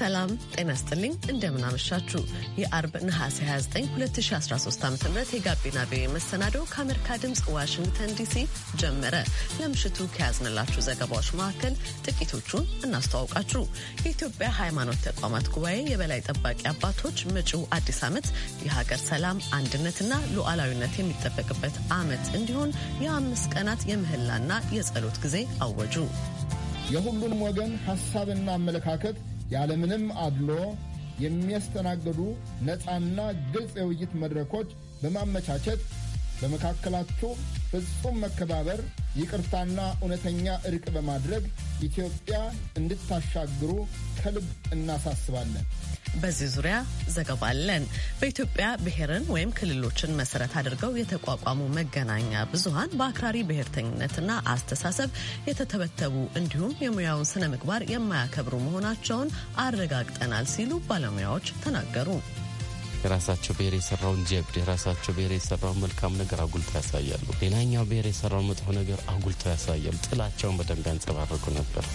ሰላም ጤና ስጥልኝ። እንደምናመሻችሁ የአርብ ነሐሴ 29 2013 ዓ ም የጋቢና ቪኦኤ መሰናዶው ከአሜሪካ ድምፅ ዋሽንግተን ዲሲ ጀመረ። ለምሽቱ ከያዝንላችሁ ዘገባዎች መካከል ጥቂቶቹን እናስተዋውቃችሁ። የኢትዮጵያ ሃይማኖት ተቋማት ጉባኤ የበላይ ጠባቂ አባቶች መጪው አዲስ ዓመት የሀገር ሰላም አንድነትና ሉዓላዊነት የሚጠበቅበት ዓመት እንዲሆን የአምስት ቀናት የምህላና የጸሎት ጊዜ አወጁ። የሁሉንም ወገን ሀሳብና አመለካከት ያለምንም አድሎ የሚያስተናግዱ ነፃና ግልጽ የውይይት መድረኮች በማመቻቸት በመካከላቸው ፍጹም መከባበር፣ ይቅርታና እውነተኛ እርቅ በማድረግ ኢትዮጵያ እንድታሻግሩ ከልብ እናሳስባለን። በዚህ ዙሪያ ዘገባ አለን። በኢትዮጵያ ብሔርን ወይም ክልሎችን መሰረት አድርገው የተቋቋሙ መገናኛ ብዙሀን በአክራሪ ብሔርተኝነትና አስተሳሰብ የተተበተቡ እንዲሁም የሙያውን ስነ ምግባር የማያከብሩ መሆናቸውን አረጋግጠናል ሲሉ ባለሙያዎች ተናገሩ። የራሳቸው ብሔር የሰራውን ጀብድ የራሳቸው ብሔር የሰራውን መልካም ነገር አጉልቶ ያሳያሉ። ሌላኛው ብሔር የሰራውን መጥፎ ነገር አጉልቶ ያሳያሉ። ጥላቸውን በደንብ ያንጸባርቁ ነበር።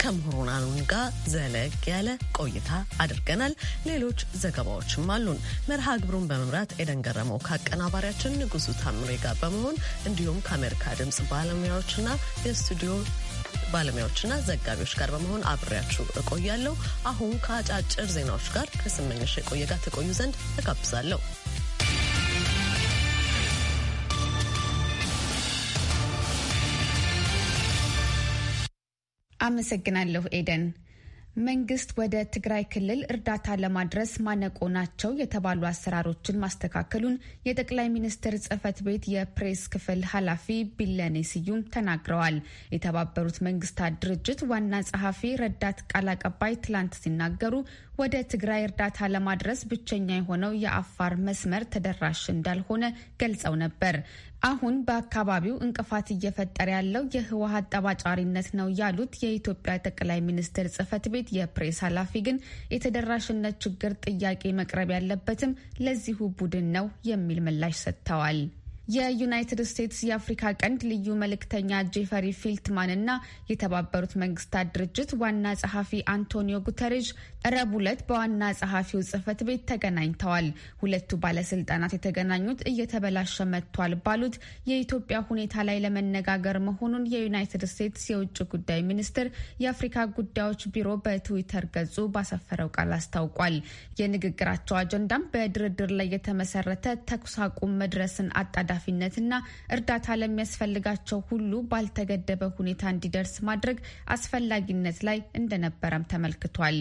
ከምሁሩናኑን ጋር ዘለግ ያለ ቆይታ አድርገናል። ሌሎች ዘገባዎችም አሉን። መርሃ ግብሩን በመምራት ኤደን ገረመው ከአቀናባሪያችን ንጉሱ ታምሬ ጋር በመሆን እንዲሁም ከአሜሪካ ድምፅ ባለሙያዎችና የስቱዲዮ ባለሙያዎችና ዘጋቢዎች ጋር በመሆን አብሬያችሁ እቆያለሁ። አሁን ከአጫጭር ዜናዎች ጋር ከስመኞሽ የቆየ ጋር ተቆዩ ዘንድ ተጋብዛለሁ አመሰግናለሁ ኤደን። መንግስት ወደ ትግራይ ክልል እርዳታ ለማድረስ ማነቆ ናቸው የተባሉ አሰራሮችን ማስተካከሉን የጠቅላይ ሚኒስትር ጽህፈት ቤት የፕሬስ ክፍል ኃላፊ ቢለኔ ስዩም ተናግረዋል። የተባበሩት መንግስታት ድርጅት ዋና ጸሐፊ ረዳት ቃል አቀባይ ትላንት ሲናገሩ ወደ ትግራይ እርዳታ ለማድረስ ብቸኛ የሆነው የአፋር መስመር ተደራሽ እንዳልሆነ ገልጸው ነበር። አሁን በአካባቢው እንቅፋት እየፈጠረ ያለው የህወሀት ጠባጫሪነት ነው ያሉት የኢትዮጵያ ጠቅላይ ሚኒስትር ጽህፈት ቤት የፕሬስ ኃላፊ ግን የተደራሽነት ችግር ጥያቄ መቅረብ ያለበትም ለዚሁ ቡድን ነው የሚል ምላሽ ሰጥተዋል። የዩናይትድ ስቴትስ የአፍሪካ ቀንድ ልዩ መልእክተኛ ጄፈሪ ፊልትማን እና የተባበሩት መንግስታት ድርጅት ዋና ጸሐፊ አንቶኒዮ ጉተሬዥ ረቡዕ ዕለት በዋና ጸሐፊው ጽህፈት ቤት ተገናኝተዋል። ሁለቱ ባለስልጣናት የተገናኙት እየተበላሸ መጥቷል ባሉት የኢትዮጵያ ሁኔታ ላይ ለመነጋገር መሆኑን የዩናይትድ ስቴትስ የውጭ ጉዳይ ሚኒስትር የአፍሪካ ጉዳዮች ቢሮ በትዊተር ገጹ ባሰፈረው ቃል አስታውቋል። የንግግራቸው አጀንዳም በድርድር ላይ የተመሰረተ ተኩስ አቁም መድረስን አጣዳ ተጣዳፊነትና እርዳታ ለሚያስፈልጋቸው ሁሉ ባልተገደበ ሁኔታ እንዲደርስ ማድረግ አስፈላጊነት ላይ እንደነበረም ተመልክቷል።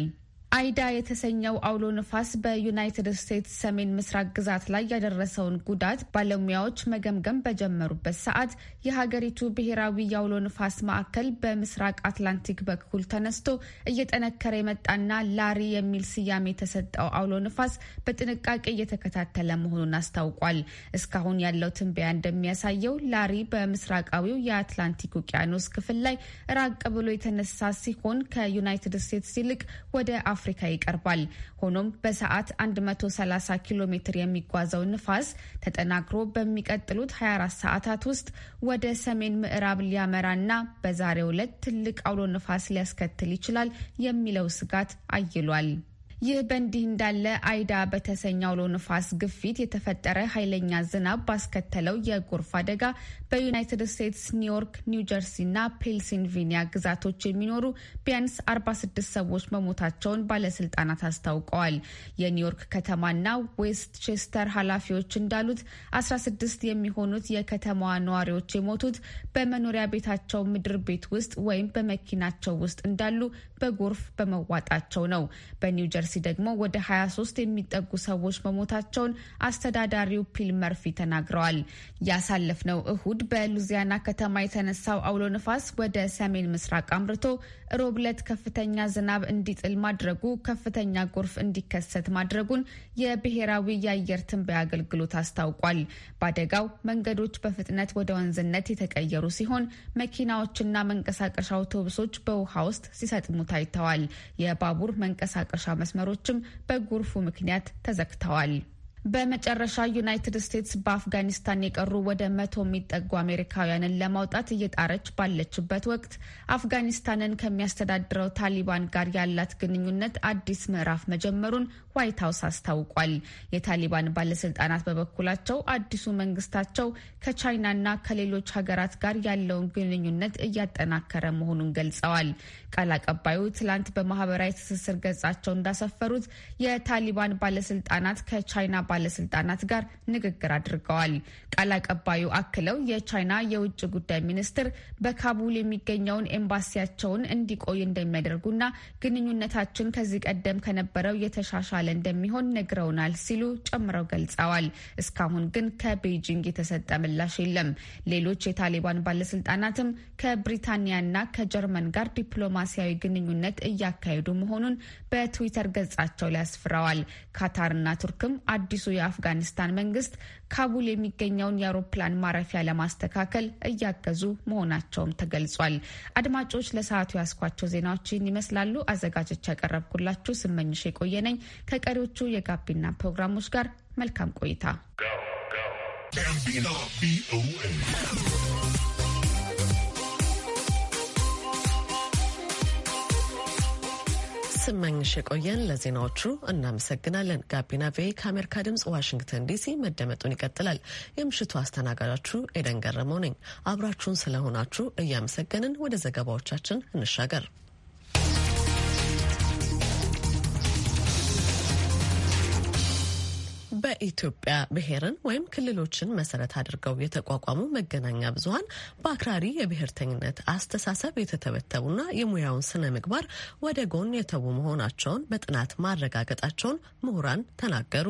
አይዳ የተሰኘው አውሎ ንፋስ በዩናይትድ ስቴትስ ሰሜን ምስራቅ ግዛት ላይ ያደረሰውን ጉዳት ባለሙያዎች መገምገም በጀመሩበት ሰዓት የሀገሪቱ ብሔራዊ የአውሎ ንፋስ ማዕከል በምስራቅ አትላንቲክ በኩል ተነስቶ እየጠነከረ የመጣና ላሪ የሚል ስያሜ የተሰጠው አውሎ ንፋስ በጥንቃቄ እየተከታተለ መሆኑን አስታውቋል። እስካሁን ያለው ትንበያ እንደሚያሳየው ላሪ በምስራቃዊው የአትላንቲክ ውቅያኖስ ክፍል ላይ ራቅ ብሎ የተነሳ ሲሆን ከዩናይትድ ስቴትስ ይልቅ ወደ አፍሪካ ይቀርባል። ሆኖም በሰዓት 130 ኪሎ ሜትር የሚጓዘው ንፋስ ተጠናክሮ በሚቀጥሉት 24 ሰዓታት ውስጥ ወደ ሰሜን ምዕራብ ሊያመራና በዛሬው ዕለት ትልቅ አውሎ ንፋስ ሊያስከትል ይችላል የሚለው ስጋት አይሏል። ይህ በእንዲህ እንዳለ አይዳ በተሰኘ አውሎ ንፋስ ግፊት የተፈጠረ ኃይለኛ ዝናብ ባስከተለው የጎርፍ አደጋ በዩናይትድ ስቴትስ ኒውዮርክ፣ እና ፔንሲልቬኒያ ግዛቶች የሚኖሩ ቢያንስ 46 ሰዎች መሞታቸውን ባለስልጣናት አስታውቀዋል። የኒውዮርክ ከተማና ዌስት ቼስተር ኃላፊዎች እንዳሉት 16 የሚሆኑት የከተማዋ ነዋሪዎች የሞቱት በመኖሪያ ቤታቸው ምድር ቤት ውስጥ ወይም በመኪናቸው ውስጥ እንዳሉ በጎርፍ በመዋጣቸው ነው። በኒው ጀርሲ ደግሞ ወደ 23 የሚጠጉ ሰዎች መሞታቸውን አስተዳዳሪው ፒል መርፊ ተናግረዋል። ያሳለፍነው እሁድ በሉዚያና ከተማ የተነሳው አውሎ ነፋስ ወደ ሰሜን ምስራቅ አምርቶ ሮብለት ከፍተኛ ዝናብ እንዲጥል ማድረጉ ከፍተኛ ጎርፍ እንዲከሰት ማድረጉን የብሔራዊ የአየር ትንበያ አገልግሎት አስታውቋል። በአደጋው መንገዶች በፍጥነት ወደ ወንዝነት የተቀየሩ ሲሆን መኪናዎችና መንቀሳቀሻ አውቶቡሶች በውሃ ውስጥ ሲሰጥሙ ታይተዋል። የባቡር መንቀሳቀሻ መስመሮችም በጎርፉ ምክንያት ተዘግተዋል። በመጨረሻ ዩናይትድ ስቴትስ በአፍጋኒስታን የቀሩ ወደ መቶ የሚጠጉ አሜሪካውያንን ለማውጣት እየጣረች ባለችበት ወቅት አፍጋኒስታንን ከሚያስተዳድረው ታሊባን ጋር ያላት ግንኙነት አዲስ ምዕራፍ መጀመሩን ዋይት ሀውስ አስታውቋል። የታሊባን ባለስልጣናት በበኩላቸው አዲሱ መንግስታቸው ከቻይናና ከሌሎች ሀገራት ጋር ያለውን ግንኙነት እያጠናከረ መሆኑን ገልጸዋል። ቃል አቀባዩ ትላንት በማህበራዊ ትስስር ገጻቸው እንዳሰፈሩት የታሊባን ባለስልጣናት ከቻይና ባለስልጣናት ጋር ንግግር አድርገዋል። ቃል አቀባዩ አክለው የቻይና የውጭ ጉዳይ ሚኒስትር በካቡል የሚገኘውን ኤምባሲያቸውን እንዲቆይ እንደሚያደርጉና ግንኙነታችን ከዚህ ቀደም ከነበረው የተሻሻለ እንደሚሆን ነግረውናል ሲሉ ጨምረው ገልጸዋል። እስካሁን ግን ከቤይጂንግ የተሰጠ ምላሽ የለም። ሌሎች የታሊባን ባለስልጣናትም ከብሪታንያና ከጀርመን ጋር ዲፕሎማሲያዊ ግንኙነት እያካሄዱ መሆኑን በትዊተር ገጻቸው ላይ አስፍረዋል። ካታርና ቱርክም አዲሱ አዲሱ የአፍጋኒስታን መንግስት ካቡል የሚገኘውን የአውሮፕላን ማረፊያ ለማስተካከል እያገዙ መሆናቸውም ተገልጿል። አድማጮች ለሰዓቱ ያስኳቸው ዜናዎች ይህን ይመስላሉ። አዘጋጆች ያቀረብኩላችሁ ስመኝሽ የቆየ ነኝ። ከቀሪዎቹ የጋቢና ፕሮግራሞች ጋር መልካም ቆይታ። ስመኝሽ የቆየን ለዜናዎቹ እናመሰግናለን። ጋቢና ቬ ከአሜሪካ ድምጽ ዋሽንግተን ዲሲ መደመጡን ይቀጥላል። የምሽቱ አስተናጋጃችሁ ኤደን ገረመው ነኝ። አብራችሁን ስለሆናችሁ እያመሰገንን ወደ ዘገባዎቻችን እንሻገር። በኢትዮጵያ ብሔርን ወይም ክልሎችን መሰረት አድርገው የተቋቋሙ መገናኛ ብዙኃን በአክራሪ የብሔርተኝነት አስተሳሰብ የተተበተቡና የሙያውን ስነ ምግባር ወደ ጎን የተዉ መሆናቸውን በጥናት ማረጋገጣቸውን ምሁራን ተናገሩ።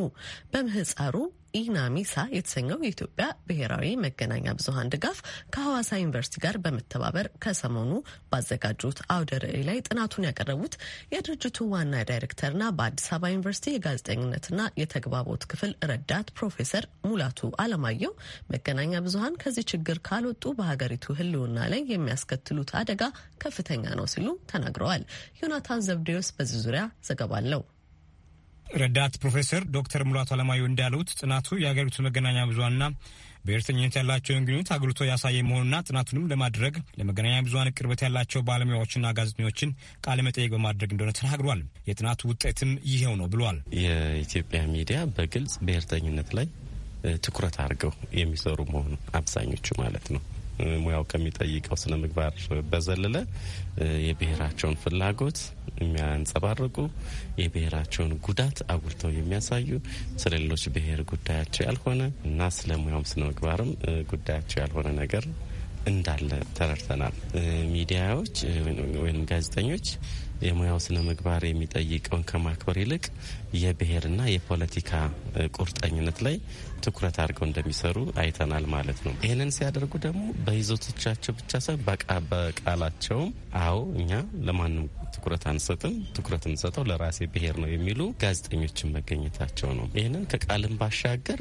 በምህፃሩ ኢናሚሳ የተሰኘው የኢትዮጵያ ብሔራዊ መገናኛ ብዙሀን ድጋፍ ከሐዋሳ ዩኒቨርሲቲ ጋር በመተባበር ከሰሞኑ ባዘጋጁት አውደ ርዕይ ላይ ጥናቱን ያቀረቡት የድርጅቱ ዋና ዳይሬክተርና በአዲስ አበባ ዩኒቨርሲቲ የጋዜጠኝነትና የተግባቦት ክፍል ረዳት ፕሮፌሰር ሙላቱ አለማየሁ መገናኛ ብዙሀን ከዚህ ችግር ካልወጡ በሀገሪቱ ህልውና ላይ የሚያስከትሉት አደጋ ከፍተኛ ነው ሲሉ ተናግረዋል። ዮናታን ዘብዴዎስ በዚህ ዙሪያ ዘገባ አለው። ረዳት ፕሮፌሰር ዶክተር ሙላቱ አለማየሁ እንዳሉት ጥናቱ የሀገሪቱ መገናኛ ብዙሀንና ብሔርተኝነት ያላቸውን ግንኙነት አጉልቶ ያሳየ መሆኑና ጥናቱንም ለማድረግ ለመገናኛ ብዙሀን ቅርበት ያላቸው ባለሙያዎችና ጋዜጠኞችን ቃለ መጠየቅ በማድረግ እንደሆነ ተናግሯል። የጥናቱ ውጤትም ይሄው ነው ብሏል። የኢትዮጵያ ሚዲያ በግልጽ ብሔርተኝነት ላይ ትኩረት አድርገው የሚሰሩ መሆኑ አብዛኞቹ ማለት ነው ሙያው ከሚጠይቀው ስነ ምግባር በዘለለ የብሔራቸውን ፍላጎት የሚያንጸባርቁ የብሔራቸውን ጉዳት አጉልተው የሚያሳዩ ስለ ሌሎች ብሔር ጉዳያቸው ያልሆነ እና ስለ ሙያውም ስነ ምግባርም ጉዳያቸው ያልሆነ ነገር እንዳለ ተረድተናል። ሚዲያዎች ወይም ጋዜጠኞች የሙያው ስነ ምግባር የሚጠይቀውን ከማክበር ይልቅ የብሔርና የፖለቲካ ቁርጠኝነት ላይ ትኩረት አድርገው እንደሚሰሩ አይተናል ማለት ነው። ይህንን ሲያደርጉ ደግሞ በይዘቶቻቸው ብቻ ሳይሆን በቃላቸውም አዎ እኛ ለማንም ትኩረት አንሰጥም፣ ትኩረት የምንሰጠው ለራሴ ብሔር ነው የሚሉ ጋዜጠኞችን መገኘታቸው ነው። ይህንን ከቃልም ባሻገር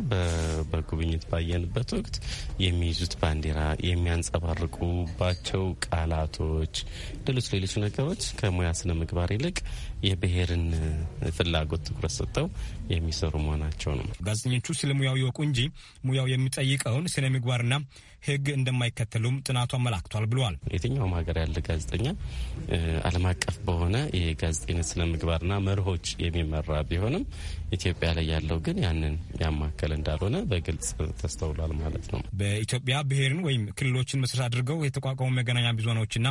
በጉብኝት ባየንበት ወቅት የሚይዙት ባንዲራ፣ የሚያንጸባርቁባቸው ቃላቶች፣ ሌሎች ሌሎች ነገሮች ከሙያ ስነ ምግባር ይልቅ የብሔርን ፍላጎት ትኩረት ሰጥተው የሚሰሩ መሆናቸው ነው። ጋዜጠኞቹ ስለ ሙያው ይወቁ እንጂ ሙያው የሚጠይቀውን ስነ ምግባርና ህግ እንደማይከተሉም ጥናቱ አመላክቷል ብሏል። የትኛውም ሀገር ያለ ጋዜጠኛ ዓለም አቀፍ በሆነ የጋዜጠኝነት ስነ ምግባርና መርሆች የሚመራ ቢሆንም ኢትዮጵያ ላይ ያለው ግን ያንን ያማከል እንዳልሆነ በግልጽ ተስተውሏል ማለት ነው። በኢትዮጵያ ብሔርን ወይም ክልሎችን መሰረት አድርገው የተቋቋሙ መገናኛ ብዙሃኖችና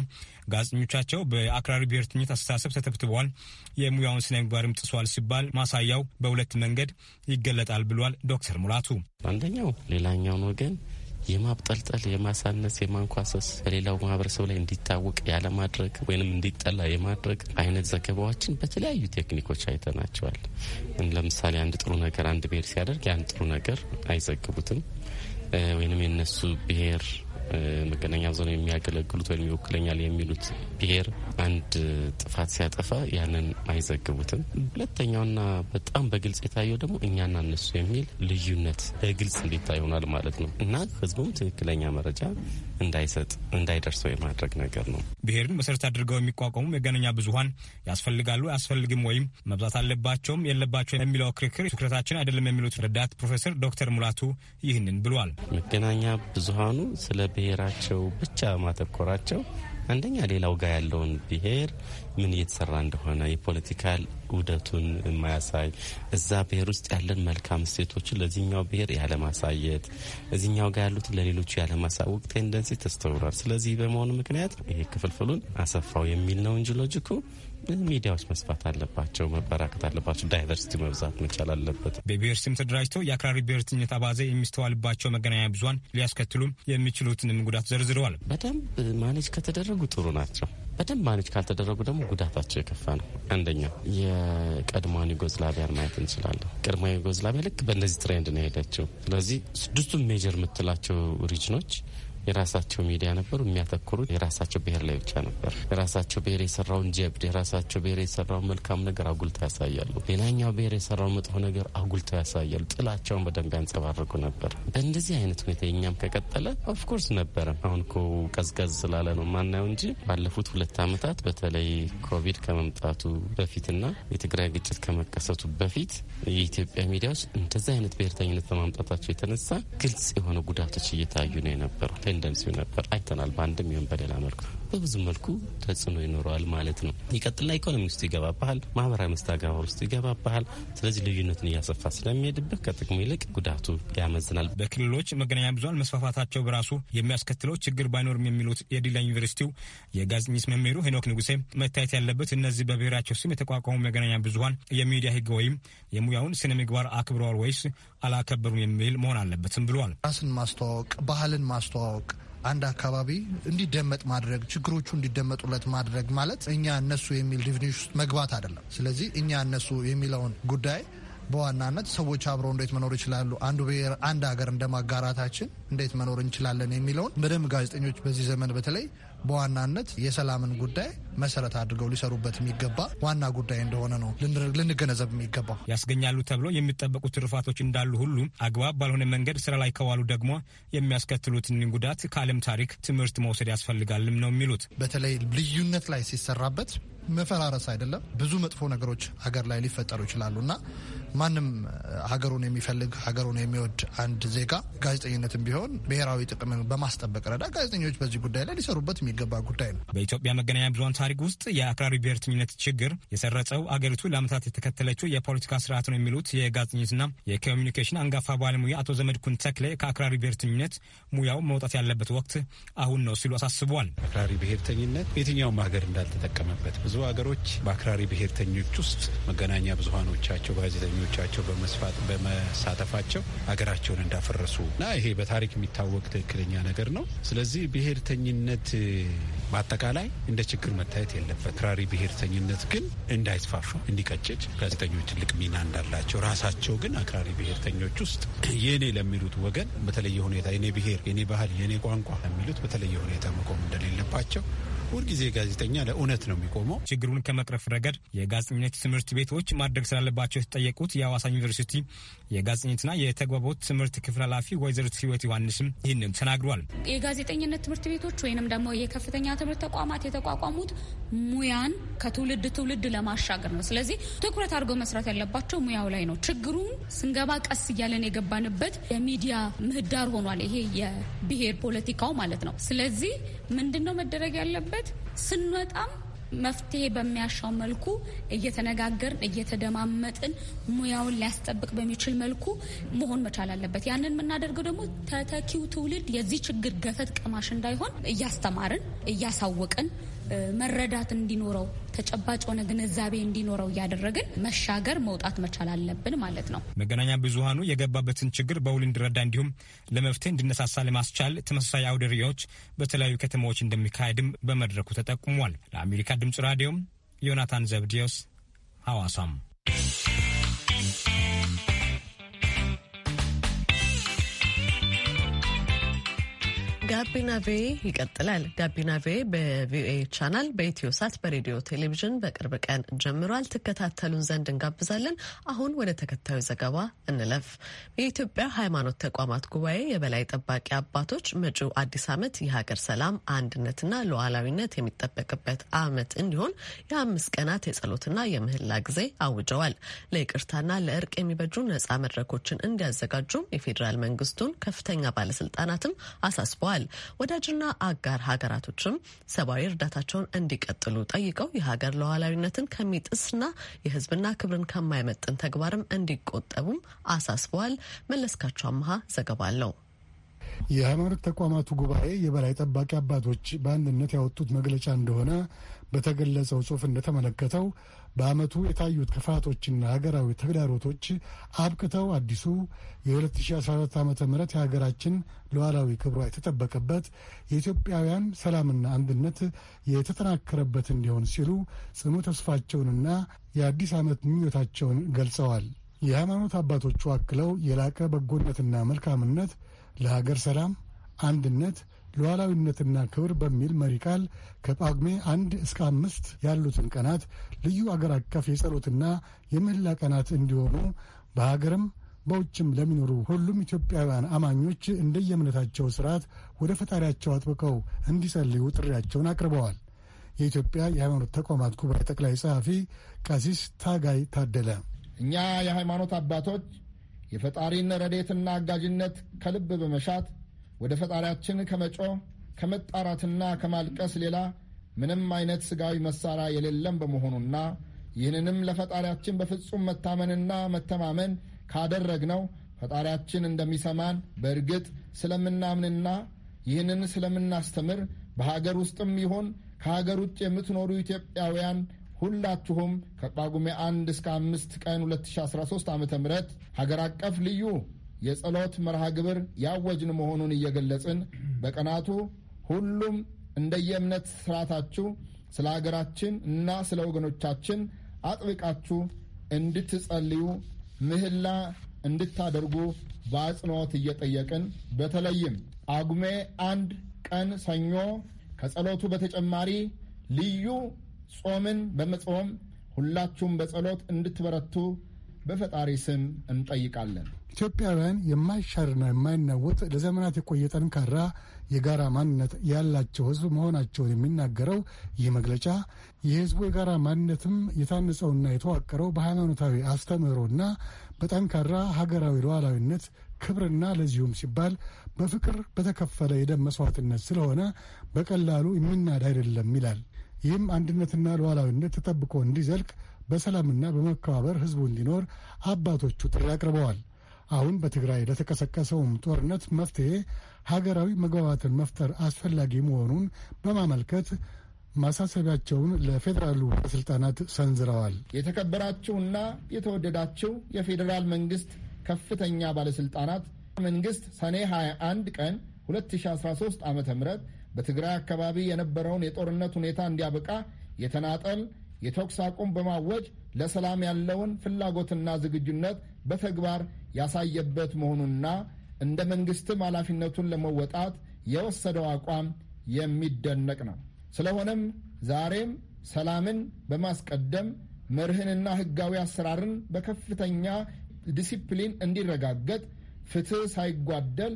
ጋዜጠኞቻቸው በአክራሪ ብሔርተኝነት አስተሳሰብ ተተብትበዋል፣ የሙያውን ስነ ምግባርም ጥሷል ሲባል ማሳያው በሁለት መንገድ ይገለጣል ብሏል ዶክተር ሙላቱ አንደኛው ሌላኛውን ወገን የማብጠልጠል፣ የማሳነስ፣ የማንኳሰስ በሌላው ማህበረሰብ ላይ እንዲታወቅ ያለማድረግ ወይንም እንዲጠላ የማድረግ አይነት ዘገባዎችን በተለያዩ ቴክኒኮች አይተናቸዋል። ለምሳሌ አንድ ጥሩ ነገር አንድ ብሄር ሲያደርግ ያን ጥሩ ነገር አይዘግቡትም ወይንም የነሱ ብሄር። መገናኛ ብዙኃን የሚያገለግሉት ወይም ይወክለኛል የሚሉት ብሄር አንድ ጥፋት ሲያጠፋ ያንን አይዘግቡትም። ሁለተኛውና በጣም በግልጽ የታየው ደግሞ እኛና እነሱ የሚል ልዩነት በግልጽ እንዲታ ይሆናል ማለት ነው እና ህዝቡም ትክክለኛ መረጃ እንዳይሰጥ እንዳይደርሰው የማድረግ ነገር ነው። ብሄርን መሰረት አድርገው የሚቋቋሙ መገናኛ ብዙሃን ያስፈልጋሉ፣ አያስፈልግም ወይም መብዛት አለባቸውም የለባቸው የሚለው ክርክር ትኩረታችን አይደለም የሚሉት ረዳት ፕሮፌሰር ዶክተር ሙላቱ ይህንን ብሏል። መገናኛ ብዙኃኑ ስለ ብሔራቸው ብቻ ማተኮራቸው አንደኛ ሌላው ጋር ያለውን ብሔር ምን እየተሰራ እንደሆነ የፖለቲካል ውደቱን የማያሳይ እዛ ብሔር ውስጥ ያለን መልካም እሴቶችን ለዚህኛው ብሔር ያለማሳየት፣ እዚኛው ጋር ያሉትን ለሌሎቹ ያለማሳወቅ ቴንደንሲ ተስተውሏል። ስለዚህ በመሆኑ ምክንያት ይሄ ክፍልፍሉን አሰፋው የሚል ነው እንጂ ሎጂኩ ሚዲያዎች መስፋት አለባቸው፣ መበራከት አለባቸው። ዳይቨርሲቲ መብዛት መቻል አለበት። በብሔር ስም ተደራጅቶ የአክራሪ ብሔርተኝነት አባዜ የሚስተዋልባቸው መገናኛ ብዙኃን ሊያስከትሉ የሚችሉትንም ጉዳት ዘርዝረዋል። በደንብ ማኔጅ ከተደረጉ ጥሩ ናቸው። በደንብ ማኔጅ ካልተደረጉ ደግሞ ጉዳታቸው የከፋ ነው። አንደኛው የቀድሞዋን ዩጎዝላቪያን ማየት እንችላለን። ቀድሞ ዩጎዝላቪያ ልክ በእነዚህ ትሬንድ ነው የሄደችው። ስለዚህ ስድስቱን ሜጀር የምትላቸው ሪጅኖች የራሳቸው ሚዲያ ነበሩ። የሚያተኩሩት የራሳቸው ብሔር ላይ ብቻ ነበር። የራሳቸው ብሔር የሰራውን ጀብድ፣ የራሳቸው ብሔር የሰራውን መልካም ነገር አጉልተው ያሳያሉ። ሌላኛው ብሔር የሰራውን መጥፎ ነገር አጉልተው ያሳያሉ። ጥላቸውን በደንብ ያንጸባርቁ ነበር። በእንደዚህ አይነት ሁኔታ የኛም ከቀጠለ ኦፍኮርስ ነበረ። አሁን ኮ ቀዝቀዝ ስላለ ነው ማናየው እንጂ ባለፉት ሁለት ዓመታት በተለይ ኮቪድ ከመምጣቱ በፊትና የትግራይ ግጭት ከመከሰቱ በፊት የኢትዮጵያ ሚዲያዎች እንደዚህ አይነት ብሔርተኝነት በማምጣታቸው የተነሳ ግልጽ የሆነ ጉዳቶች እየታዩ ነው የነበረው። እንደዚሁ ነበር አይተናል። በአንድም ይሁን በሌላ መልኩ በብዙ መልኩ ተጽዕኖ ይኖረዋል ማለት ነው። ይቀጥልና ኢኮኖሚ ውስጥ ይገባባሃል፣ ማህበራዊ መስተጋብር ውስጥ ይገባባሃል። ስለዚህ ልዩነቱን እያሰፋ ስለሚሄድበት ከጥቅሙ ይልቅ ጉዳቱ ያመዝናል። በክልሎች መገናኛ ብዙሃን መስፋፋታቸው በራሱ የሚያስከትለው ችግር ባይኖርም የሚሉት የዲላ ዩኒቨርሲቲው የጋዜጠኝነት መምህሩ ሄኖክ ንጉሴ መታየት ያለበት እነዚህ በብሔራቸው ስም የተቋቋሙ መገናኛ ብዙሀን የሚዲያ ህግ ወይም የሙያውን ስነ ምግባር አክብረዋል ወይስ አላከበሩም የሚል መሆን አለበትም ብሏል። ራስን ማስተዋወቅ፣ ባህልን ማስተዋወቅ አንድ አካባቢ እንዲደመጥ ማድረግ ችግሮቹ እንዲደመጡለት ማድረግ ማለት እኛ እነሱ የሚል ዲቪኒሽ ውስጥ መግባት አይደለም። ስለዚህ እኛ እነሱ የሚለውን ጉዳይ በዋናነት ሰዎች አብረው እንዴት መኖር ይችላሉ፣ አንዱ ብሔር አንድ ሀገር እንደማጋራታችን እንዴት መኖር እንችላለን የሚለውን በደንብ ጋዜጠኞች በዚህ ዘመን በተለይ በዋናነት የሰላምን ጉዳይ መሰረት አድርገው ሊሰሩበት የሚገባ ዋና ጉዳይ እንደሆነ ነው ልንገነዘብ የሚገባው። ያስገኛሉ ተብሎ የሚጠበቁ ትርፋቶች እንዳሉ ሁሉ አግባብ ባልሆነ መንገድ ስራ ላይ ከዋሉ ደግሞ የሚያስከትሉትን ጉዳት ከዓለም ታሪክ ትምህርት መውሰድ ያስፈልጋልም ነው የሚሉት። በተለይ ልዩነት ላይ ሲሰራበት መፈራረስ አይደለም። ብዙ መጥፎ ነገሮች ሀገር ላይ ሊፈጠሩ ይችላሉ እና ማንም ሀገሩን የሚፈልግ ሀገሩን የሚወድ አንድ ዜጋ ጋዜጠኝነትም ቢሆን ብሔራዊ ጥቅምን በማስጠበቅ ረዳ ጋዜጠኞች በዚህ ጉዳይ ላይ ሊሰሩበት የሚገባ ጉዳይ ነው። በኢትዮጵያ መገናኛ ብዙን ታሪክ ውስጥ የአክራሪ ብሔርተኝነት ችግር የሰረጸው አገሪቱ ለአመታት የተከተለችው የፖለቲካ ስርዓት ነው የሚሉት የጋዜጠኝነትና የኮሚኒኬሽን አንጋፋ ባለሙያ አቶ ዘመድኩን ተክሌ ከአክራሪ ብሔርተኝነት ሙያው መውጣት ያለበት ወቅት አሁን ነው ሲሉ አሳስቧል። አክራሪ ብሔርተኝነት የትኛውም ሀገር እንዳልተጠቀመበት ብዙ ሀገሮች በአክራሪ ብሔርተኞች ውስጥ መገናኛ ብዙሀኖቻቸው ጋዜጠኞቻቸው በመስፋት በመሳተፋቸው ሀገራቸውን እንዳፈረሱ እና ይሄ በታሪክ የሚታወቅ ትክክለኛ ነገር ነው። ስለዚህ ብሔርተኝነት በአጠቃላይ እንደ ችግር መታየት የለበት። አክራሪ ብሔርተኝነት ግን እንዳይስፋፋ እንዲቀጭጭ ጋዜጠኞች ትልቅ ሚና እንዳላቸው ራሳቸው ግን አክራሪ ብሔርተኞች ውስጥ የኔ ለሚሉት ወገን በተለየ ሁኔታ የኔ ብሔር፣ የኔ ባህል፣ የኔ ቋንቋ ለሚሉት በተለየ ሁኔታ መቆም እንደሌለባቸው ሁልጊዜ ጋዜጠኛ ለእውነት ነው የሚቆመው። ችግሩን ከመቅረፍ ረገድ የጋዜጠኝነት ትምህርት ቤቶች ማድረግ ስላለባቸው የተጠየቁት የአዋሳ ዩኒቨርሲቲ የጋዜጠኝነትና የተግባቦት ትምህርት ክፍል ኃላፊ ወይዘሮ ህይወት ዮሐንስም ይህንም ተናግሯል። የጋዜጠኝነት ትምህርት ቤቶች ወይንም ደግሞ የከፍተኛ ትምህርት ተቋማት የተቋቋሙት ሙያን ከትውልድ ትውልድ ለማሻገር ነው። ስለዚህ ትኩረት አድርገው መስራት ያለባቸው ሙያው ላይ ነው። ችግሩን ስንገባ ቀስ እያለን የገባንበት የሚዲያ ምህዳር ሆኗል። ይሄ የብሄር ፖለቲካው ማለት ነው። ስለዚህ ምንድን ነው መደረግ ያለበት? ስንወጣም መፍትሄ በሚያሻው መልኩ እየተነጋገርን እየተደማመጥን ሙያውን ሊያስጠብቅ በሚችል መልኩ መሆን መቻል አለበት። ያንን የምናደርገው ደግሞ ተተኪው ትውልድ የዚህ ችግር ገፈት ቀማሽ እንዳይሆን እያስተማርን እያሳወቅን መረዳት እንዲኖረው ተጨባጭ የሆነ ግንዛቤ እንዲኖረው እያደረግን መሻገር መውጣት መቻል አለብን ማለት ነው። መገናኛ ብዙሀኑ የገባበትን ችግር በውል እንዲረዳ እንዲሁም ለመፍትሄ እንዲነሳሳ ለማስቻል ተመሳሳይ አውደ ርዕዮች በተለያዩ ከተማዎች እንደሚካሄድም በመድረኩ ተጠቁሟል። ለአሜሪካ ድምጽ ራዲዮም ዮናታን ዘብዲዮስ ሐዋሳም ጋቢና ቬ ይቀጥላል። ጋቢና ቬ በቪኦኤ ቻናል በኢትዮ ሳት በሬዲዮ ቴሌቪዥን በቅርብ ቀን ጀምሯል። ትከታተሉን ዘንድ እንጋብዛለን። አሁን ወደ ተከታዩ ዘገባ እንለፍ። የኢትዮጵያ ሃይማኖት ተቋማት ጉባኤ የበላይ ጠባቂ አባቶች መጪው አዲስ ዓመት የሀገር ሰላም አንድነትና ሉዓላዊነት የሚጠበቅበት ዓመት እንዲሆን የአምስት ቀናት የጸሎትና የምህላ ጊዜ አውጀዋል። ለይቅርታና ለእርቅ የሚበጁ ነጻ መድረኮችን እንዲያዘጋጁም የፌዴራል መንግስቱን ከፍተኛ ባለስልጣናትም አሳስበዋል። ገልጸዋል። ወዳጅና አጋር ሀገራቶችም ሰብአዊ እርዳታቸውን እንዲቀጥሉ ጠይቀው የሀገር ሉዓላዊነትን ከሚጥስና የሕዝብና ክብርን ከማይመጥን ተግባርም እንዲቆጠቡም አሳስበዋል። መለስካቸው አመሃ ዘገባ አለው። የሃይማኖት ተቋማቱ ጉባኤ የበላይ ጠባቂ አባቶች በአንድነት ያወጡት መግለጫ እንደሆነ በተገለጸው ጽሑፍ እንደተመለከተው በዓመቱ የታዩት ክፋቶችና ሀገራዊ ተግዳሮቶች አብቅተው አዲሱ የ2014 ዓ ም የሀገራችን ሉዓላዊ ክብሯ የተጠበቀበት የኢትዮጵያውያን ሰላምና አንድነት የተጠናከረበት እንዲሆን ሲሉ ጽኑ ተስፋቸውንና የአዲስ ዓመት ምኞታቸውን ገልጸዋል። የሃይማኖት አባቶቹ አክለው የላቀ በጎነትና መልካምነት ለሀገር ሰላም አንድነት ሉዓላዊነትና ክብር በሚል መሪ ቃል ከጳጉሜ አንድ እስከ አምስት ያሉትን ቀናት ልዩ አገር አቀፍ የጸሎትና የምህላ ቀናት እንዲሆኑ በሀገርም በውጭም ለሚኖሩ ሁሉም ኢትዮጵያውያን አማኞች እንደየእምነታቸው ስርዓት ወደ ፈጣሪያቸው አጥብቀው እንዲጸልዩ ጥሪያቸውን አቅርበዋል። የኢትዮጵያ የሃይማኖት ተቋማት ጉባኤ ጠቅላይ ጸሐፊ ቀሲስ ታጋይ ታደለ እኛ የሃይማኖት አባቶች የፈጣሪን ረዴትና አጋዥነት ከልብ በመሻት ወደ ፈጣሪያችን ከመጮ ከመጣራትና ከማልቀስ ሌላ ምንም አይነት ስጋዊ መሳሪያ የሌለም በመሆኑና ይህንንም ለፈጣሪያችን በፍጹም መታመንና መተማመን ካደረግነው ፈጣሪያችን እንደሚሰማን በእርግጥ ስለምናምንና ይህንን ስለምናስተምር በሀገር ውስጥም ይሆን ከሀገር ውጭ የምትኖሩ ኢትዮጵያውያን ሁላችሁም ከጳጉሜ 1 እስከ 5 ቀን 2013 ዓ ም ሀገር አቀፍ ልዩ የጸሎት መርሃ ግብር ያወጅን መሆኑን እየገለጽን በቀናቱ ሁሉም እንደየእምነት ስርዓታችሁ ስለ ሀገራችን እና ስለ ወገኖቻችን አጥብቃችሁ እንድትጸልዩ ምህላ እንድታደርጉ በአጽንኦት እየጠየቅን በተለይም አጉሜ አንድ ቀን ሰኞ ከጸሎቱ በተጨማሪ ልዩ ጾምን በመጾም ሁላችሁም በጸሎት እንድትበረቱ በፈጣሪ ስም እንጠይቃለን። ኢትዮጵያውያን የማይሻርና የማይናወጥ ለዘመናት የቆየ ጠንካራ የጋራ ማንነት ያላቸው ሕዝብ መሆናቸውን የሚናገረው ይህ መግለጫ የሕዝቡ የጋራ ማንነትም የታነጸውና የተዋቀረው በሃይማኖታዊ አስተምህሮና በጠንካራ ሀገራዊ ሉዓላዊነት ክብርና ለዚሁም ሲባል በፍቅር በተከፈለ የደም መስዋዕትነት ስለሆነ በቀላሉ የሚናድ አይደለም ይላል። ይህም አንድነትና ሉዓላዊነት ተጠብቆ እንዲዘልቅ በሰላምና በመከባበር ሕዝቡ እንዲኖር አባቶቹ ጥሪ አቅርበዋል። አሁን በትግራይ ለተቀሰቀሰውም ጦርነት መፍትሄ ሀገራዊ መግባባትን መፍጠር አስፈላጊ መሆኑን በማመልከት ማሳሰቢያቸውን ለፌዴራሉ ባለሥልጣናት ሰንዝረዋል። የተከበራችሁና የተወደዳችሁ የፌዴራል መንግስት ከፍተኛ ባለሥልጣናት መንግስት ሰኔ 21 ቀን 2013 ዓ ም በትግራይ አካባቢ የነበረውን የጦርነት ሁኔታ እንዲያበቃ የተናጠል የተኩስ አቁም በማወጅ ለሰላም ያለውን ፍላጎትና ዝግጁነት በተግባር ያሳየበት መሆኑና እንደ መንግስትም ኃላፊነቱን ለመወጣት የወሰደው አቋም የሚደነቅ ነው። ስለሆነም ዛሬም ሰላምን በማስቀደም መርህንና ህጋዊ አሰራርን በከፍተኛ ዲሲፕሊን እንዲረጋገጥ፣ ፍትህ ሳይጓደል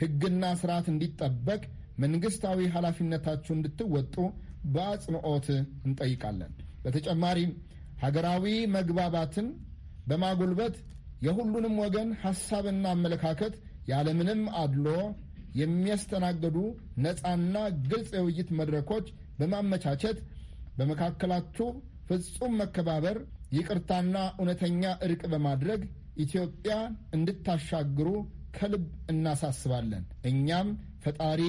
ህግና ስርዓት እንዲጠበቅ መንግስታዊ ኃላፊነታችሁ እንድትወጡ በአጽንኦት እንጠይቃለን። በተጨማሪም ሀገራዊ መግባባትን በማጎልበት የሁሉንም ወገን ሐሳብና አመለካከት ያለምንም አድሎ የሚያስተናግዱ ነፃና ግልጽ የውይይት መድረኮች በማመቻቸት በመካከላችሁ ፍጹም መከባበር፣ ይቅርታና እውነተኛ እርቅ በማድረግ ኢትዮጵያ እንድታሻግሩ ከልብ እናሳስባለን። እኛም ፈጣሪ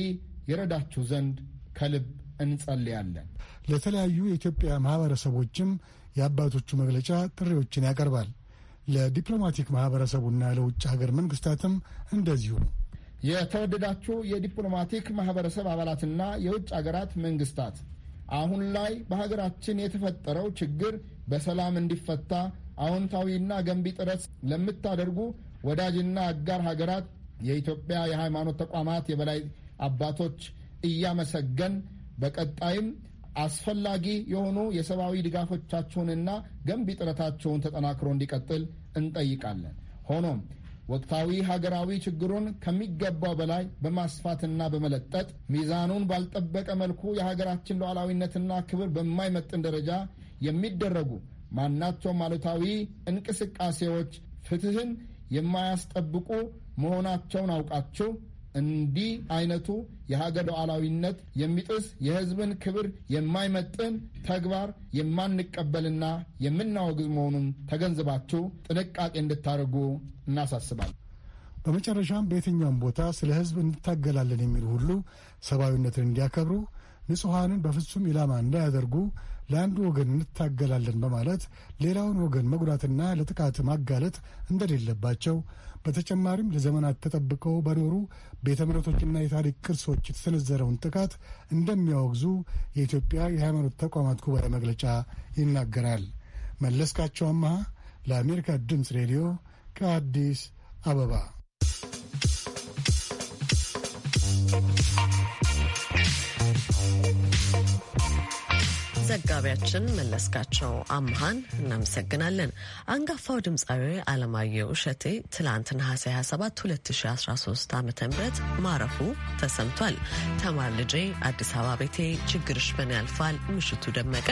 የረዳችሁ ዘንድ ከልብ እንጸልያለን። ለተለያዩ የኢትዮጵያ ማህበረሰቦችም የአባቶቹ መግለጫ ጥሪዎችን ያቀርባል። ለዲፕሎማቲክ ማህበረሰቡና ለውጭ ሀገር መንግስታትም እንደዚሁ። የተወደዳችሁ የዲፕሎማቲክ ማህበረሰብ አባላትና የውጭ ሀገራት መንግስታት አሁን ላይ በሀገራችን የተፈጠረው ችግር በሰላም እንዲፈታ አዎንታዊና ገንቢ ጥረት ለምታደርጉ ወዳጅና አጋር ሀገራት የኢትዮጵያ የሃይማኖት ተቋማት የበላይ አባቶች እያመሰገን በቀጣይም አስፈላጊ የሆኑ የሰብአዊ ድጋፎቻቸውንና ገንቢ ጥረታቸውን ተጠናክሮ እንዲቀጥል እንጠይቃለን። ሆኖም ወቅታዊ ሀገራዊ ችግሩን ከሚገባው በላይ በማስፋትና በመለጠጥ ሚዛኑን ባልጠበቀ መልኩ የሀገራችን ሉዓላዊነትና ክብር በማይመጥን ደረጃ የሚደረጉ ማናቸውም አሉታዊ እንቅስቃሴዎች ፍትህን የማያስጠብቁ መሆናቸውን አውቃችሁ እንዲህ አይነቱ የሀገር ሉዓላዊነት የሚጥስ የህዝብን ክብር የማይመጥን ተግባር የማንቀበልና የምናወግዝ መሆኑን ተገንዝባችሁ ጥንቃቄ እንድታደርጉ እናሳስባል። በመጨረሻም በየትኛውም ቦታ ስለ ህዝብ እንታገላለን የሚል ሁሉ ሰብአዊነትን እንዲያከብሩ፣ ንጹሐንን በፍጹም ኢላማ እንዳያደርጉ፣ ለአንዱ ወገን እንታገላለን በማለት ሌላውን ወገን መጉዳትና ለጥቃት ማጋለጥ እንደሌለባቸው በተጨማሪም ለዘመናት ተጠብቀው በኖሩ ቤተ እምነቶችና የታሪክ ቅርሶች የተሰነዘረውን ጥቃት እንደሚያወግዙ የኢትዮጵያ የሃይማኖት ተቋማት ጉባኤ መግለጫ ይናገራል። መለስካቸው አማሃ ለአሜሪካ ድምፅ ሬዲዮ ከአዲስ አበባ ዘጋቢያችን መለስካቸው አምሃን እናመሰግናለን። አንጋፋው ድምፃዊ አለማየሁ እሸቴ ትላንት ነሐሴ 27 2013 ዓ ም ማረፉ ተሰምቷል። ተማር ልጄ፣ አዲስ አበባ ቤቴ፣ ችግርሽ በኔ ያልፋል፣ ምሽቱ ደመቀ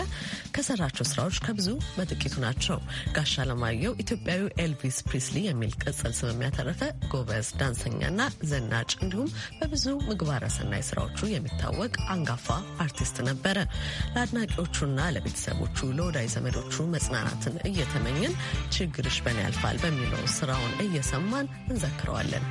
ከሰራቸው ስራዎች ከብዙ በጥቂቱ ናቸው። ጋሽ አለማየሁ ኢትዮጵያዊ ኤልቪስ ፕሪስሊ የሚል ቅጽል ስም የሚያተረፈ ጎበዝ ዳንሰኛና ዘናጭ እንዲሁም በብዙ ምግባረ ሰናይ ስራዎቹ የሚታወቅ አንጋፋ አርቲስት ነበረ ለአድናቂው ለልጆቹና ለቤተሰቦቹ ለወዳጅ ዘመዶቹ መጽናናትን እየተመኘን ችግርሽ በን ያልፋል በሚለው ስራውን እየሰማን እንዘክረዋለን።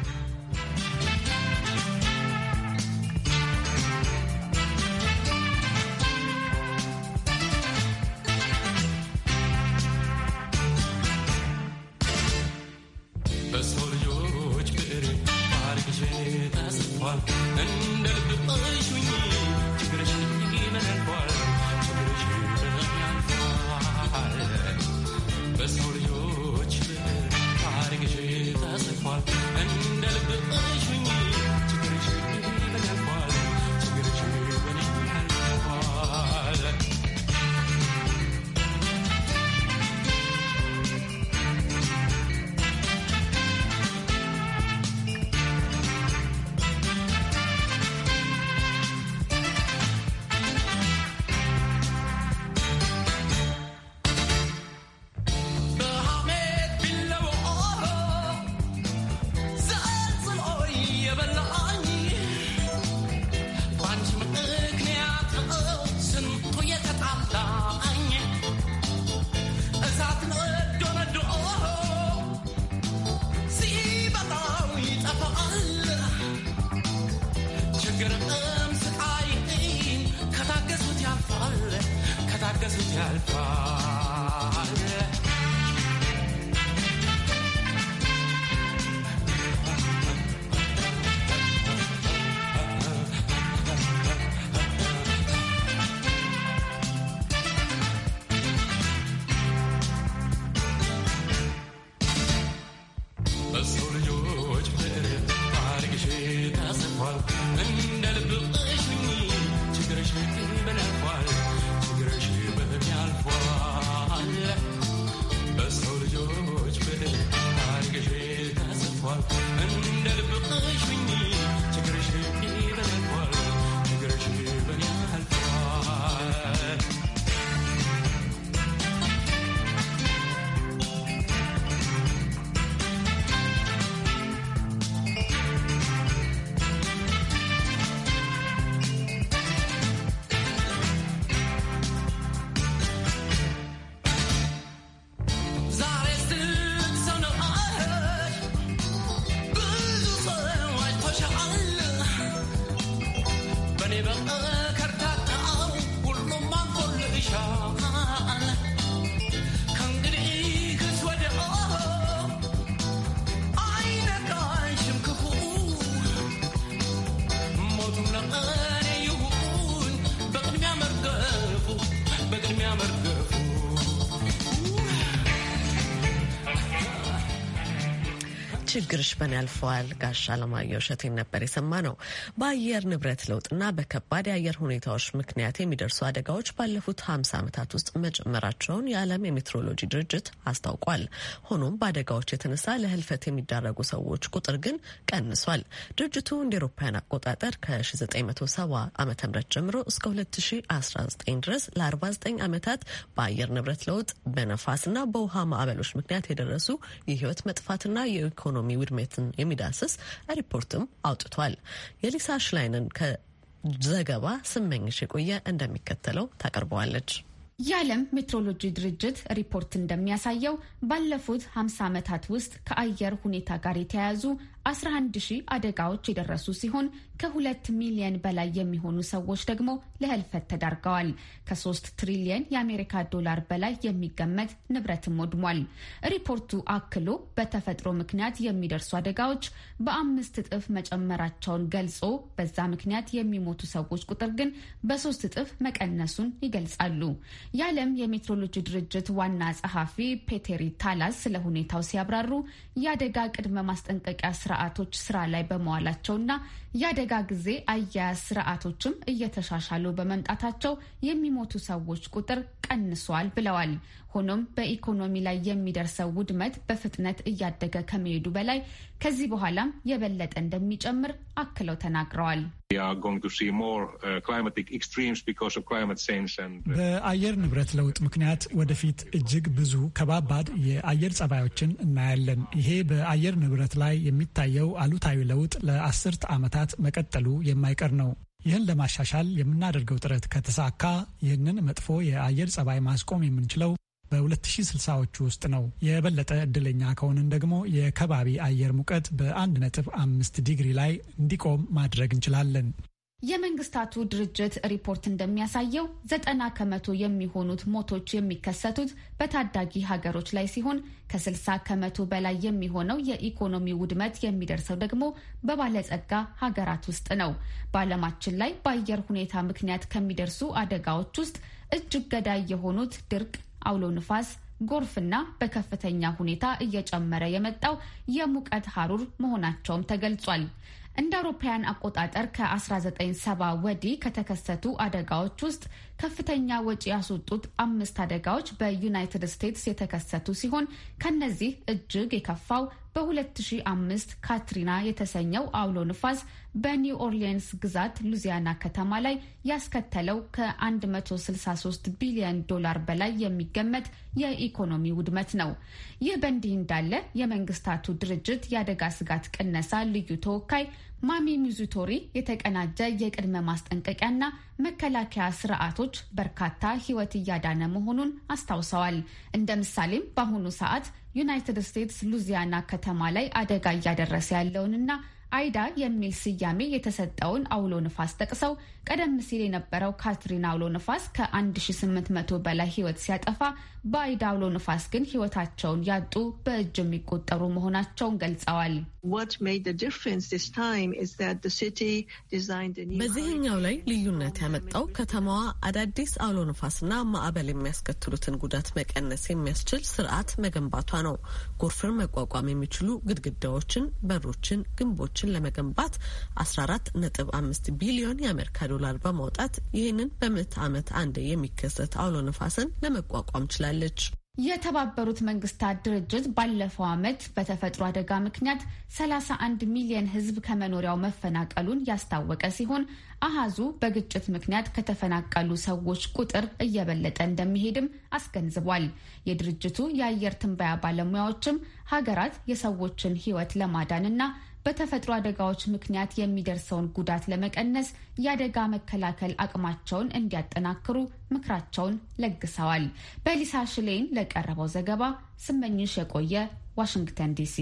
ችግርሽ በን ያልፈዋል ጋሻ ለማየሁ እሸቴን ነበር ነው። በአየር ንብረት ለውጥና በከባድ የአየር ሁኔታዎች ምክንያት የሚደርሱ አደጋዎች ባለፉት 50 ዓመታት ውስጥ መጨመራቸውን የዓለም የሜትሮሎጂ ድርጅት አስታውቋል። ሆኖም በአደጋዎች የተነሳ ለህልፈት የሚዳረጉ ሰዎች ቁጥር ግን ቀንሷል። ድርጅቱ እንደ ኤሮፓያን አቆጣጠር ከ1970 ዓ ም ጀምሮ እስከ 2019 ድረስ ለ49 ዓመታት በአየር ንብረት ለውጥ በነፋስና በውሃ ማዕበሎች ምክንያት የደረሱ የህይወት መጥፋትና የኢኮኖሚ የኢኮኖሚ ውድመትን የሚዳስስ ሪፖርትም አውጥቷል። የሊሳ ሽላይንን ከዘገባ ስመኝሽ የቆየ እንደሚከተለው ታቀርበዋለች። የዓለም ሜትሮሎጂ ድርጅት ሪፖርት እንደሚያሳየው ባለፉት 50 ዓመታት ውስጥ ከአየር ሁኔታ ጋር የተያያዙ 11 ሺህ አደጋዎች የደረሱ ሲሆን ከሁለት ሚሊየን በላይ የሚሆኑ ሰዎች ደግሞ ለህልፈት ተዳርገዋል። ከ3 ትሪሊየን የአሜሪካ ዶላር በላይ የሚገመት ንብረትም ወድሟል። ሪፖርቱ አክሎ በተፈጥሮ ምክንያት የሚደርሱ አደጋዎች በአምስት እጥፍ መጨመራቸውን ገልጾ በዛ ምክንያት የሚሞቱ ሰዎች ቁጥር ግን በሶስት እጥፍ መቀነሱን ይገልጻሉ። የዓለም የሜትሮሎጂ ድርጅት ዋና ጸሐፊ ፔቴሪ ታላስ ስለ ሁኔታው ሲያብራሩ የአደጋ ቅድመ ማስጠንቀቂያ ስራ ስርዓቶች ስራ ላይ በመዋላቸውና የአደጋ ጊዜ አያያዝ ስርዓቶችም እየተሻሻሉ በመምጣታቸው የሚሞቱ ሰዎች ቁጥር ቀንሷል ብለዋል። ሆኖም በኢኮኖሚ ላይ የሚደርሰው ውድመት በፍጥነት እያደገ ከመሄዱ በላይ ከዚህ በኋላም የበለጠ እንደሚጨምር አክለው ተናግረዋል። uh, uh, በአየር ንብረት ለውጥ ምክንያት ወደፊት እጅግ ብዙ ከባባድ የአየር ጸባዮችን እናያለን። ይሄ በአየር ንብረት ላይ የሚታየው አሉታዊ ለውጥ ለአስርት ዓመታት ምክንያት መቀጠሉ የማይቀር ነው። ይህን ለማሻሻል የምናደርገው ጥረት ከተሳካ ይህንን መጥፎ የአየር ጸባይ ማስቆም የምንችለው በ2060ዎቹ ውስጥ ነው። የበለጠ እድለኛ ከሆንን ደግሞ የከባቢ አየር ሙቀት በ1.5 ዲግሪ ላይ እንዲቆም ማድረግ እንችላለን። የመንግስታቱ ድርጅት ሪፖርት እንደሚያሳየው ዘጠና ከመቶ የሚሆኑት ሞቶች የሚከሰቱት በታዳጊ ሀገሮች ላይ ሲሆን ከ60 ከመቶ በላይ የሚሆነው የኢኮኖሚ ውድመት የሚደርሰው ደግሞ በባለጸጋ ሀገራት ውስጥ ነው። በዓለማችን ላይ በአየር ሁኔታ ምክንያት ከሚደርሱ አደጋዎች ውስጥ እጅግ ገዳይ የሆኑት ድርቅ፣ አውሎ ንፋስ ጎርፍና በከፍተኛ ሁኔታ እየጨመረ የመጣው የሙቀት ሀሩር መሆናቸውም ተገልጿል። እንደ አውሮፓውያን አቆጣጠር ከ1970 ወዲህ ከተከሰቱ አደጋዎች ውስጥ ከፍተኛ ወጪ ያስወጡት አምስት አደጋዎች በዩናይትድ ስቴትስ የተከሰቱ ሲሆን ከነዚህ እጅግ የከፋው በ2005 ካትሪና የተሰኘው አውሎ ንፋስ በኒው ኦርሊንስ ግዛት ሉዚያና ከተማ ላይ ያስከተለው ከ163 ቢሊዮን ዶላር በላይ የሚገመት የኢኮኖሚ ውድመት ነው። ይህ በእንዲህ እንዳለ የመንግስታቱ ድርጅት የአደጋ ስጋት ቅነሳ ልዩ ተወካይ ማሚ ሚዙቶሪ የተቀናጀ የቅድመ ማስጠንቀቂያና መከላከያ ስርዓቶች በርካታ ሕይወት እያዳነ መሆኑን አስታውሰዋል። እንደ ምሳሌም በአሁኑ ሰዓት ዩናይትድ ስቴትስ ሉዚያና ከተማ ላይ አደጋ እያደረሰ ያለውንና አይዳ የሚል ስያሜ የተሰጠውን አውሎ ንፋስ ጠቅሰው ቀደም ሲል የነበረው ካትሪን አውሎ ንፋስ ከ1800 በላይ ሕይወት ሲያጠፋ በአይዳ አውሎ ንፋስ ግን ህይወታቸውን ያጡ በእጅ የሚቆጠሩ መሆናቸውን ገልጸዋል። በዚህኛው ላይ ልዩነት ያመጣው ከተማዋ አዳዲስ አውሎ ንፋስና ማዕበል የሚያስከትሉትን ጉዳት መቀነስ የሚያስችል ስርዓት መገንባቷ ነው። ጎርፍን መቋቋም የሚችሉ ግድግዳዎችን፣ በሮችን፣ ግንቦችን ለመገንባት 14.5 ቢሊዮን የአሜሪካ ዶላር በማውጣት ይህንን በምዕተ ዓመት አንድ የሚከሰት አውሎ ንፋስን ለመቋቋም ችላል ትገኛለች። የተባበሩት መንግስታት ድርጅት ባለፈው ዓመት በተፈጥሮ አደጋ ምክንያት 31 ሚሊየን ሕዝብ ከመኖሪያው መፈናቀሉን ያስታወቀ ሲሆን አሃዙ በግጭት ምክንያት ከተፈናቀሉ ሰዎች ቁጥር እየበለጠ እንደሚሄድም አስገንዝቧል። የድርጅቱ የአየር ትንበያ ባለሙያዎችም ሀገራት የሰዎችን ሕይወት ለማዳንና በተፈጥሮ አደጋዎች ምክንያት የሚደርሰውን ጉዳት ለመቀነስ የአደጋ መከላከል አቅማቸውን እንዲያጠናክሩ ምክራቸውን ለግሰዋል። በሊሳ ሽሌን ለቀረበው ዘገባ ስመኝሽ የቆየ ዋሽንግተን ዲሲ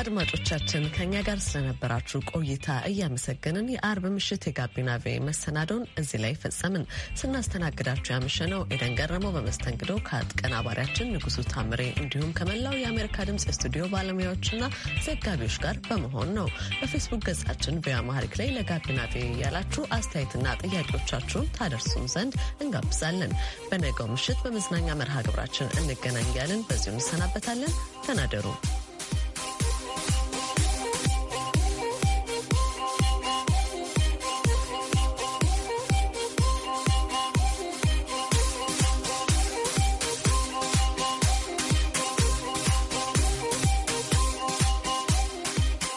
አድማጮቻችን ከእኛ ጋር ስለነበራችሁ ቆይታ እያመሰገንን የአርብ ምሽት የጋቢና ቬ መሰናዶን እዚህ ላይ ፈጸምን። ስናስተናግዳችሁ ያመሸነው ኤደን ገረመው በመስተንግዶ ከአቀናባሪያችን ንጉሱ ታምሬ እንዲሁም ከመላው የአሜሪካ ድምፅ የስቱዲዮ ባለሙያዎችና ዘጋቢዎች ጋር በመሆን ነው። በፌስቡክ ገጻችን ቪያማሪክ ላይ ለጋቢና ቬ ያላችሁ አስተያየትና ጥያቄዎቻችሁን ታደርሱም ዘንድ እንጋብዛለን። በነገው ምሽት በመዝናኛ መርሃ ግብራችን እንገናኛለን። በዚሁ እንሰናበታለን። ተናደሩ።